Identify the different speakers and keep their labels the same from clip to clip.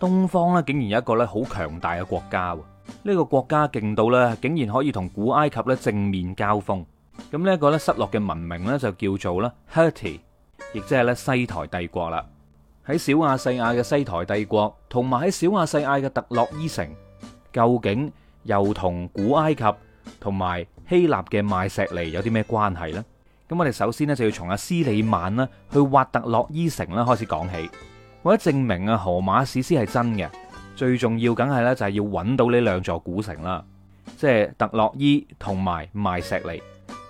Speaker 1: 東方咧竟然有一個咧好強大嘅國家，呢個國家勁到咧竟然可以同古埃及咧正面交鋒。咁呢一個咧失落嘅文明咧就叫做咧赫梯，亦即係咧西台帝國啦。喺小亞細亞嘅西台帝國同埋喺小亞細亞嘅特洛伊城，究竟又同古埃及同埋希臘嘅邁錫尼有啲咩關係呢？咁我哋首先咧就要從阿斯里曼咧去挖特洛伊城咧開始講起。為咗證明啊，荷馬史詩係真嘅。最重要，梗係呢，就係要揾到呢兩座古城啦，即係特洛伊同埋邁錫尼。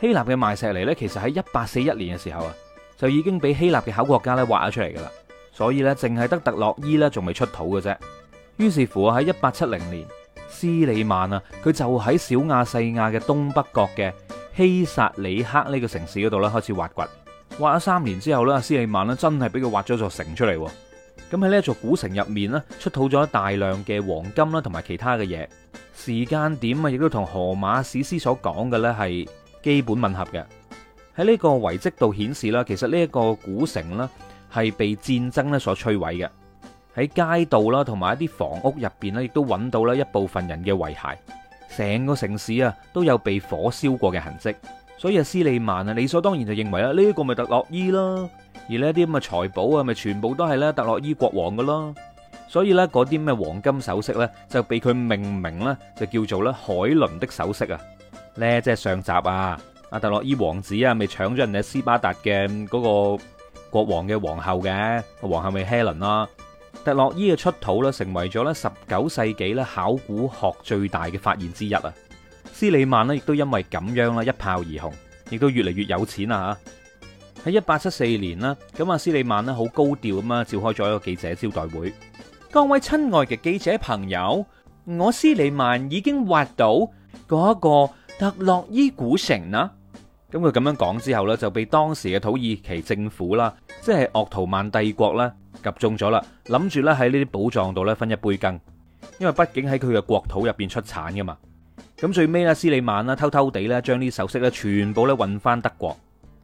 Speaker 1: 希臘嘅邁錫尼呢，其實喺一八四一年嘅時候啊，就已經俾希臘嘅考古家呢挖咗出嚟噶啦。所以呢，淨係得特洛伊呢仲未出土嘅啫。於是乎啊，喺一八七零年，斯里曼啊，佢就喺小亞細亞嘅東北角嘅希薩里克呢個城市嗰度呢，開始挖掘，挖咗三年之後呢，斯里曼呢真係俾佢挖咗座城出嚟。咁喺呢座古城入面呢，出土咗大量嘅黃金啦，同埋其他嘅嘢。時間點啊，亦都同荷馬史詩所講嘅呢係基本吻合嘅。喺呢個遺跡度顯示啦，其實呢一個古城呢係被戰爭咧所摧毀嘅。喺街道啦，同埋一啲房屋入邊呢，亦都揾到啦一部分人嘅遺骸。成個城市啊都有被火燒過嘅痕跡。所以啊，斯利曼啊，理所當然就認為啦，呢、這個咪特洛伊啦。而呢啲咁嘅財寶啊，咪全部都係咧特洛伊國王嘅咯，所以咧嗰啲咩嘅黃金首飾咧，就被佢命名咧，就叫做咧海倫的首飾啊！咧即係上集啊，阿特洛伊王子啊，咪搶咗人哋斯巴達嘅嗰個國王嘅皇后嘅皇后咪 Helen 啦。特洛伊嘅出土咧，成為咗咧十九世紀咧考古學最大嘅發現之一啊！斯里曼呢亦都因為咁樣啦，一炮而紅，亦都越嚟越有錢啦嚇。喺一八七四年啦，咁阿斯里曼呢好高調咁啊，召開咗一個記者招待會。各位親愛嘅記者朋友，我斯里曼已經挖到嗰一個特洛伊古城啦。咁佢咁樣講之後呢，就被當時嘅土耳其政府啦，即係鄂圖曼帝國啦，集中咗啦，諗住咧喺呢啲寶藏度咧分一杯羹，因為畢竟喺佢嘅國土入邊出產噶嘛。咁最尾咧，斯里曼呢，偷偷地咧將呢首飾咧全部咧運翻德國。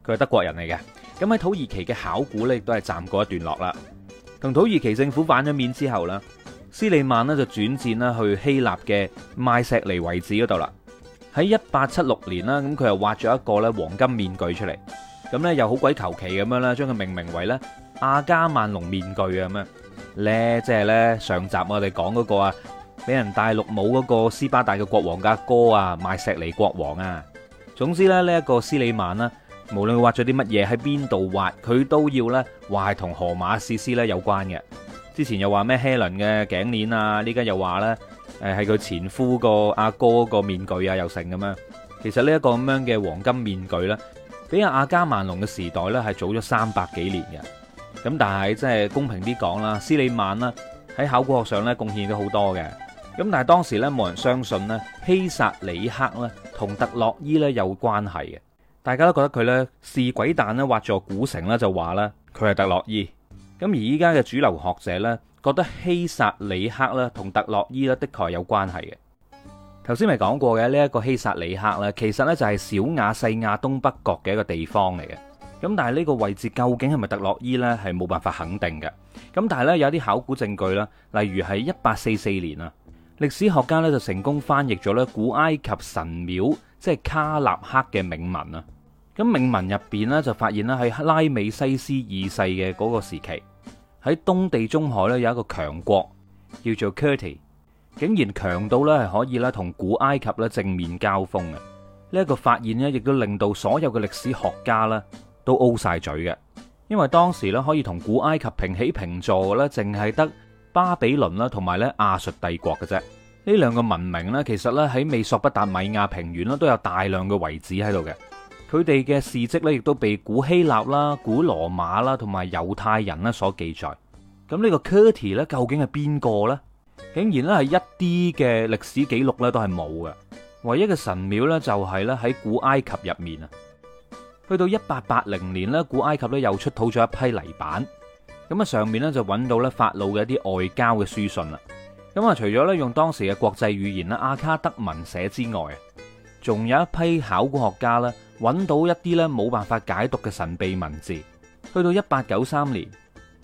Speaker 1: 佢係德國人嚟嘅，咁喺土耳其嘅考古呢，亦都係暫過一段落啦。同土耳其政府反咗面之後呢，斯里曼呢就轉戰啦去希臘嘅邁錫尼遺址嗰度啦。喺一八七六年啦，咁佢又挖咗一個咧黃金面具出嚟，咁呢又好鬼求其咁樣啦，將佢命名為咧阿加曼龍面具啊咁樣咧，即係呢上集我哋講嗰個啊俾人戴綠帽嗰個斯巴達嘅國王家哥啊邁錫尼國王啊。總之咧呢一個斯里曼呢。無論佢挖咗啲乜嘢喺邊度挖，佢都要咧話係同荷馬史詩咧有關嘅。之前又話咩希倫嘅頸鏈啊，呢家又話咧，誒係佢前夫個阿哥個面具啊又成咁樣。其實呢一個咁樣嘅黃金面具咧，比阿加曼龍嘅時代咧係早咗三百幾年嘅。咁但係真係公平啲講啦，斯里曼啦喺考古學上咧貢獻咗好多嘅。咁但係當時咧冇人相信咧希薩里克咧同特洛伊咧有關係嘅。大家都覺得佢咧是鬼蛋咧挖咗古城咧就話咧佢係特洛伊，咁而依家嘅主流學者咧覺得希薩里克咧同特洛伊咧的確有關係嘅。頭先咪講過嘅呢一個希薩里克咧，其實呢就係小亞細亞東北角嘅一個地方嚟嘅。咁但係呢個位置究竟係咪特洛伊呢？係冇辦法肯定嘅。咁但係呢，有啲考古證據咧，例如係一八四四年啊，歷史學家咧就成功翻譯咗咧古埃及神廟即係卡納克嘅銘文啊。咁銘文入邊咧就發現咧喺拉美西斯二世嘅嗰個時期，喺東地中海咧有一個強國叫做 Kerti，竟然強到咧係可以咧同古埃及咧正面交鋒嘅。呢、這、一個發現咧，亦都令到所有嘅歷史學家啦都 O 晒嘴嘅，因為當時咧可以同古埃及平起平坐嘅咧，淨係得巴比倫啦同埋咧亞述帝國嘅啫。呢兩個文明呢，其實咧喺美索不達米亞平原啦都有大量嘅遺址喺度嘅。佢哋嘅事蹟咧，亦都被古希臘啦、古羅馬啦，同埋猶太人啦所記載。咁呢個 Kerty 咧，究竟係邊個呢？竟然咧係一啲嘅歷史記錄咧都係冇嘅，唯一嘅神廟呢，就係咧喺古埃及入面啊。去到一八八零年呢，古埃及呢又出土咗一批泥板，咁啊上面呢，就揾到呢法老嘅一啲外交嘅書信啦。咁啊，除咗呢用當時嘅國際語言啦阿卡德文寫之外，仲有一批考古學家咧。揾到一啲咧冇辦法解讀嘅神秘文字，去到一八九三年，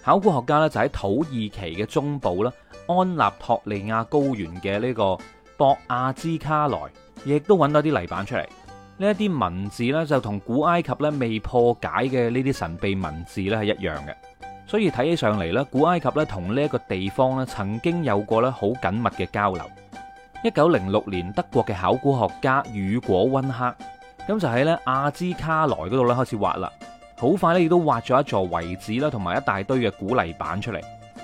Speaker 1: 考古學家咧就喺土耳其嘅中部啦，安納托利亞高原嘅呢個博亞茲卡萊，亦都揾到啲泥板出嚟。呢一啲文字呢就同古埃及咧未破解嘅呢啲神秘文字呢係一樣嘅，所以睇起上嚟咧，古埃及咧同呢一個地方咧曾經有過咧好緊密嘅交流。一九零六年，德國嘅考古學家雨果温克。咁就喺咧阿茲卡萊嗰度咧開始挖啦，好快咧亦都挖咗一座遺址啦，同埋一大堆嘅古泥板出嚟。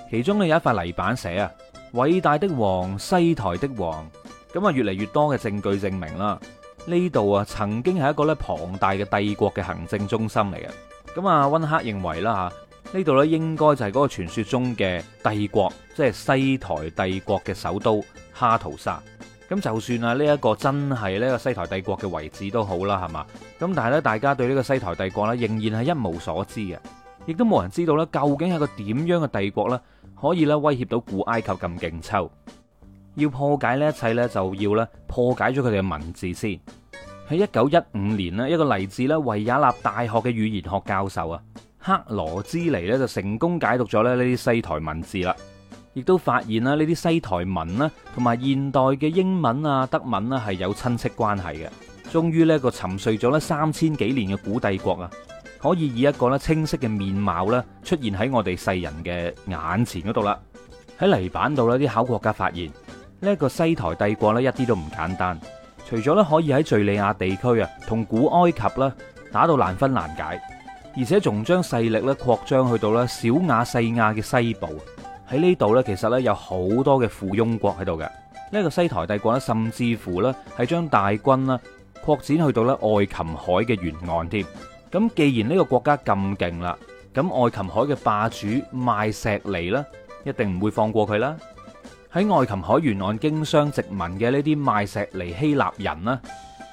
Speaker 1: 其中呢，有一塊泥板寫啊，偉大的王，西台的王。咁啊，越嚟越多嘅證據證明啦，呢度啊曾經係一個咧龐大嘅帝國嘅行政中心嚟嘅。咁啊，温克認為啦吓，呢度呢應該就係嗰個傳說中嘅帝國，即係西台帝國嘅首都哈圖沙。咁就算啊，呢一個真係呢個西台帝國嘅遺址都好啦，係嘛？咁但係呢，大家對呢個西台帝國呢，仍然係一無所知嘅，亦都冇人知道呢，究竟係個點樣嘅帝國呢，可以呢威脅到古埃及咁勁抽？要破解呢一切呢，就要呢破解咗佢哋嘅文字先。喺一九一五年呢，一個嚟自呢維也納大學嘅語言學教授啊，克羅茲尼呢，就成功解讀咗咧呢啲西台文字啦。亦都發現啦，呢啲西台文咧，同埋現代嘅英文啊、德文啦，係有親戚關係嘅。終於呢個沉睡咗咧三千幾年嘅古帝國啊，可以以一個咧清晰嘅面貌咧出現喺我哋世人嘅眼前嗰度啦。喺泥板度，呢啲考古家發現呢一個西台帝國咧，一啲都唔簡單。除咗咧可以喺敘利亞地區啊，同古埃及咧打到難分難解，而且仲將勢力咧擴張去到咧小亞細亞嘅西部。喺呢度呢，其實呢，有好多嘅附庸國喺度嘅。呢個西台帝國呢，甚至乎呢，係將大軍呢擴展去到呢愛琴海嘅沿岸添。咁既然呢個國家咁勁啦，咁愛琴海嘅霸主邁錫尼呢，一定唔會放過佢啦。喺愛琴海沿岸經商殖民嘅呢啲邁錫尼希臘人呢，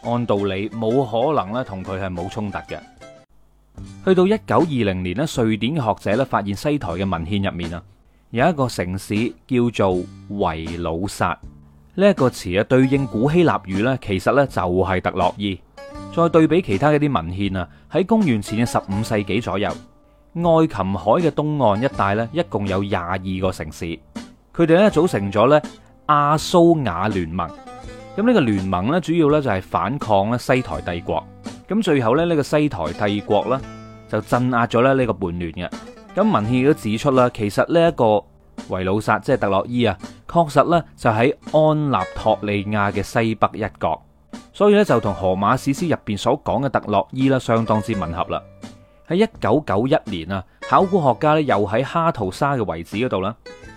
Speaker 1: 按道理冇可能呢同佢係冇衝突嘅。去到一九二零年呢，瑞典嘅學者呢發現西台嘅文獻入面啊。有一個城市叫做維魯薩呢一、這個詞啊，對應古希臘語咧，其實呢就係特洛伊。再對比其他一啲文獻啊，喺公元前嘅十五世紀左右，愛琴海嘅東岸一帶呢，一共有廿二個城市，佢哋呢組成咗呢亞蘇亞聯盟。咁、這、呢個聯盟呢，主要呢就係反抗咧西台帝國。咁最後咧呢個西台帝國呢，就鎮壓咗咧呢個叛亂嘅。咁文獻都指出啦，其實呢一個維魯薩即係特洛伊啊，確實呢就喺安納托利亞嘅西北一角，所以呢，就同荷馬史詩入邊所講嘅特洛伊啦，相當之吻合啦。喺一九九一年啊，考古學家咧又喺哈圖沙嘅遺址嗰度啦，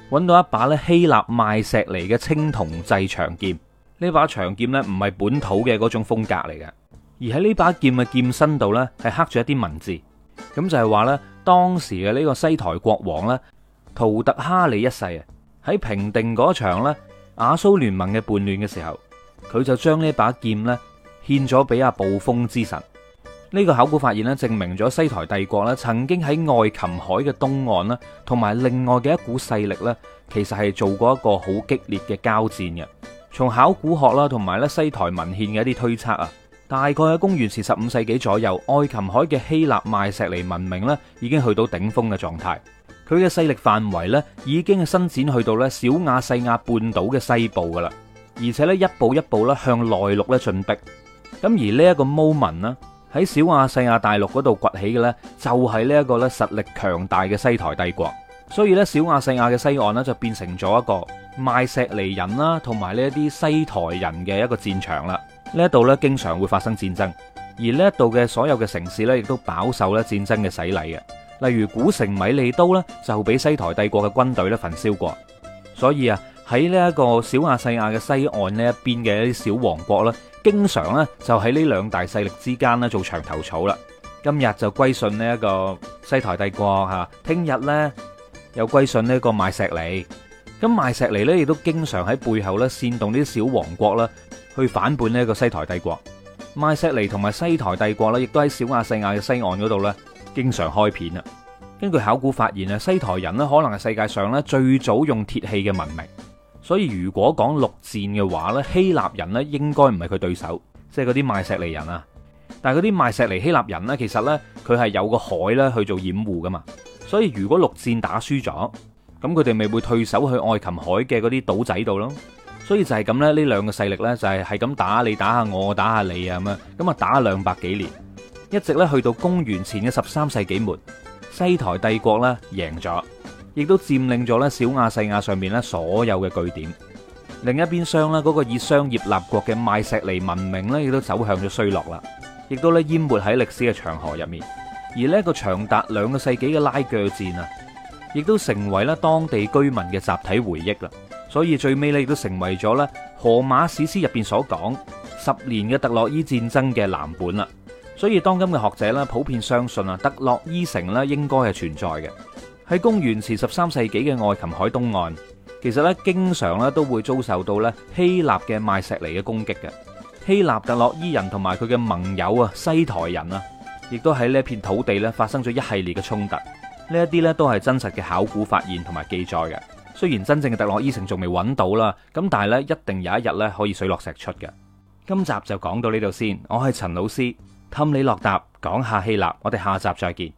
Speaker 1: 揾到一把咧希臘邁錫尼嘅青銅製長劍。呢把長劍呢唔係本土嘅嗰種風格嚟嘅，而喺呢把劍嘅劍身度呢，係刻住一啲文字，咁就係話呢。當時嘅呢個西台國王咧，圖特哈里一世啊，喺平定嗰場咧亞蘇聯盟嘅叛亂嘅時候，佢就將呢把劍咧獻咗俾阿暴風之神。呢個考古發現呢，證明咗西台帝國呢曾經喺愛琴海嘅東岸啦，同埋另外嘅一股勢力咧，其實係做過一個好激烈嘅交戰嘅。從考古學啦，同埋咧西台文獻嘅一啲推測啊。大概喺公元前十五世紀左右，愛琴海嘅希臘邁錫尼文明咧，已經去到頂峰嘅狀態。佢嘅勢力範圍咧，已經伸展去到咧小亞細亞半島嘅西部噶啦，而且咧一步一步咧向內陸咧進逼。咁而呢一個 moment 咧，喺小亞細亞大陸嗰度崛起嘅呢，就係呢一個咧實力強大嘅西台帝國。所以呢，小亞細亞嘅西岸呢，就變成咗一個邁錫尼人啦，同埋呢一啲西台人嘅一個戰場啦。呢一度咧，經常會發生戰爭，而呢一度嘅所有嘅城市呢，亦都飽受咧戰爭嘅洗禮嘅。例如古城米利都呢，就俾西台帝國嘅軍隊咧焚燒過。所以啊，喺呢一個小亞細亞嘅西岸呢一邊嘅一啲小王國呢，經常呢就喺呢兩大勢力之間咧做牆頭草啦。今日就歸順呢一個西台帝國嚇，聽日呢又歸順呢一個邁錫尼。咁邁錫尼呢，亦都經常喺背後咧煽動啲小王國啦。去反叛呢一個西台帝國，邁錫尼同埋西台帝國呢，亦都喺小亞細亞嘅西岸嗰度呢，經常開片啊！根據考古發現啊，西台人呢，可能係世界上呢最早用鐵器嘅文明，所以如果講陸戰嘅話呢，希臘人呢應該唔係佢對手，即係嗰啲邁錫尼人啊！但係嗰啲邁錫尼希臘人呢，其實呢，佢係有個海呢去做掩護㗎嘛，所以如果陸戰打輸咗，咁佢哋咪會退守去愛琴海嘅嗰啲島仔度咯。所以就係咁咧，呢兩個勢力呢，就係係咁打你打下我，打下你啊咁樣，咁啊打兩百幾年，一直咧去到公元前嘅十三世紀末，西台帝國呢贏咗，亦都佔領咗咧小亞細亞上面咧所有嘅據點。另一邊廂呢，嗰、那個以商業立國嘅邁錫尼文明呢，亦都走向咗衰落啦，亦都咧淹沒喺歷史嘅長河入面。而呢一個長達兩個世紀嘅拉鋸戰啊，亦都成為咧當地居民嘅集體回憶啦。所以最尾咧，亦都成為咗咧《荷馬史詩》入邊所講十年嘅特洛伊戰爭嘅藍本啦。所以當今嘅學者咧，普遍相信啊，特洛伊城咧應該係存在嘅。喺公元前十三世紀嘅愛琴海東岸，其實咧經常咧都會遭受到咧希臘嘅邁錫尼嘅攻擊嘅。希臘特洛伊人同埋佢嘅盟友啊，西台人啊，亦都喺呢一片土地咧發生咗一系列嘅衝突。呢一啲咧都係真實嘅考古發現同埋記載嘅。雖然真正嘅特洛伊城仲未搵到啦，咁但係呢一定有一日呢可以水落石出嘅。今集就講到呢度先，我係陳老師，氹你落搭，講下希臘，我哋下集再見。